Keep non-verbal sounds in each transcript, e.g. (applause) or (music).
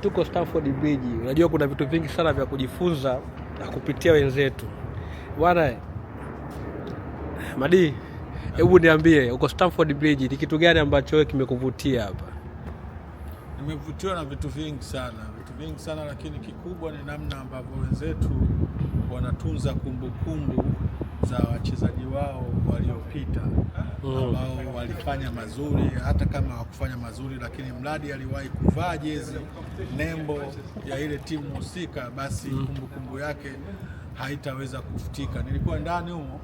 tuko Stamford Bridge. Unajua kuna vitu vingi sana vya kujifunza na kupitia wenzetu bwana. Madi, hebu niambie, uko Stamford Bridge, ni kitu gani ambacho wewe kimekuvutia hapa? Nimevutiwa na vitu vingi sana, vitu vingi sana, lakini kikubwa ni namna ambavyo wenzetu wanatunza kumbukumbu kumbu za wachezaji wao waliopita. Mm. ambao walifanya mazuri, hata kama hawakufanya mazuri, lakini mradi aliwahi kuvaa jezi nembo ya ile timu husika, basi mm. kumbukumbu kumbu yake haitaweza kufutika. Nilikuwa ndani humo,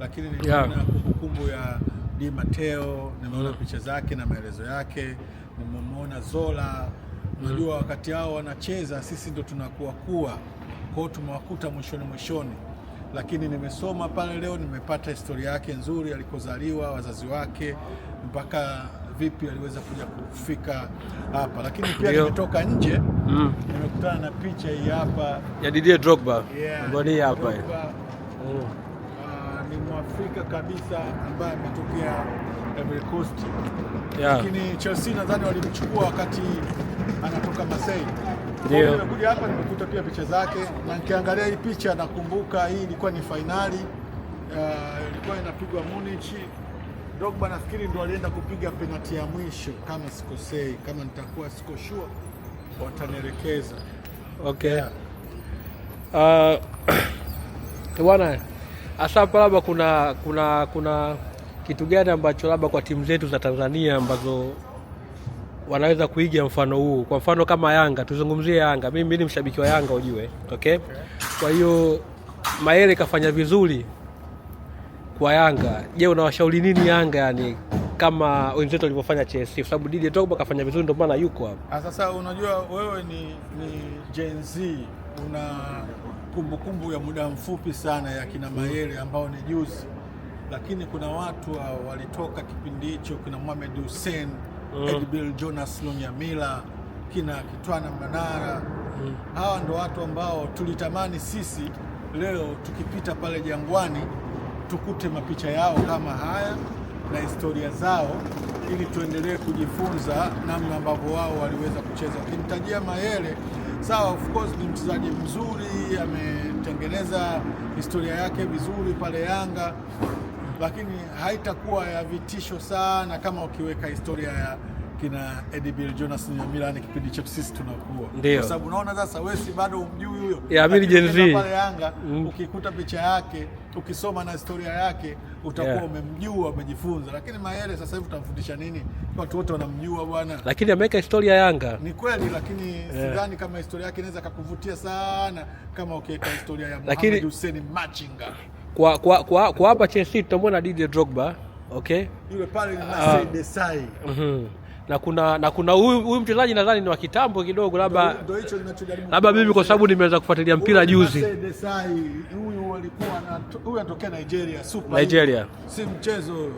lakini niliona yeah. kumbukumbu ya Di Mateo, nimeona mm. picha zake na maelezo yake, nimemwona Zola. Unajua wakati hao wanacheza sisi ndo tunakuwa kuwa kwao, tumewakuta mwishoni mwishoni lakini nimesoma pale leo, nimepata historia yake nzuri, alikozaliwa, wazazi wake, mpaka vipi aliweza kuja kufika hapa. Lakini pia nimetoka nje mm. nimekutana na picha hii hapa ya Didier Drogba yeah, hapa mm. ah, ni Mwafrika kabisa ambaye ametokea Ivory Coast Lakini Chelsea nadhani walimchukua wakati ana kumkumbuka Masai. Ndio. Nimekuja hapa nimekuta pia picha zake na nikiangalia hii picha nakumbuka hii ilikuwa ni fainali uh, ilikuwa inapigwa Munich. Drogba nafikiri ndo alienda kupiga penati ya mwisho kama sikosei, kama nitakuwa siko sure watanielekeza. Okay. Yeah. Uh, (clears throat) bwana Asante. Labda kuna kuna kuna kitu gani ambacho labda kwa timu zetu za Tanzania ambazo wanaweza kuiga mfano huu. Kwa mfano kama Yanga, tuzungumzie Yanga. Mimi ni mshabiki wa Yanga ujue, okay? Kwa hiyo Mayele kafanya vizuri kwa Yanga. Je, unawashauri nini Yanga yani kama wenzetu walivyofanya Chelsea kwa sababu Didier Drogba kafanya vizuri ndio maana yuko hapa. Ah, sasa unajua wewe ni, ni Gen Z una kumbukumbu kumbu ya muda mfupi sana ya kina Mayele ambao ni juzi, lakini kuna watu walitoka kipindi hicho, kuna Mohamed Hussein mm. Edbil Jonas Lunyamila, kina Kitwana Manara mm. hawa ndo watu ambao tulitamani sisi leo tukipita pale Jangwani tukute mapicha yao kama haya na historia zao, ili tuendelee kujifunza namna ambavyo wao waliweza kucheza. Ukimtajia Mayele, sawa, of course ni mchezaji mzuri, ametengeneza historia yake vizuri pale Yanga, lakini haitakuwa ya vitisho sana kama ukiweka historia ya kina Edibil Jonas na Milan kipindi chetu sisi tunakuwa, kwa sababu unaona sasa, wewe si bado umjui huyo pale Yanga mm. Ukikuta picha yake ukisoma na historia yake utakuwa yeah. Umemjua, umejifunza. Lakini Mayele sasa hivi utamfundisha nini? Watu wote wanamjua bwana, lakini ameweka historia Yanga ni kweli, lakini yeah. Sidhani kama historia yake inaweza kukuvutia sana kama ukiweka historia ya Muhammad Hussein Machinga kwa kwa kwa kwa hapa Chelsea tutamwona DJ Drogba, okay, yule pale ni uh, Desai mhm mm na kuna na kuna huyu mchezaji nadhani ni wa kitambo kidogo, labda labda mimi kwa sababu nimeanza kufuatilia mpira juzi. Desai Huyu alikuwa na huyu anatokea Nigeria, super Nigeria, si mchezo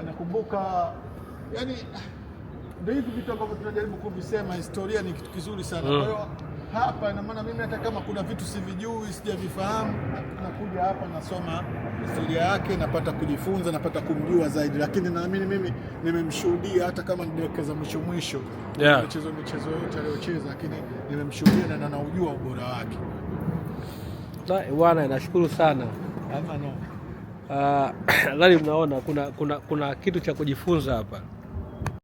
anakumbuka yani, ndio hivi vitu ambavyo tunajaribu kuvisema, historia ni kitu kizuri sana, kwa mm. hiyo hapa, ina maana mimi hata kama kuna vitu sivijui, sijavifahamu, nakuja hapa nasoma historia yake, napata kujifunza, napata kumjua zaidi. Lakini naamini mimi nimemshuhudia, hata kama nidokeza mwisho mwisho yeah. michezo michezo yote aliyocheza, lakini nimemshuhudia na naujua ubora wake. Bwana, nashukuru sana ama no. Uh, (clears throat) mnaona kuna, kuna, kuna kitu cha kujifunza hapa.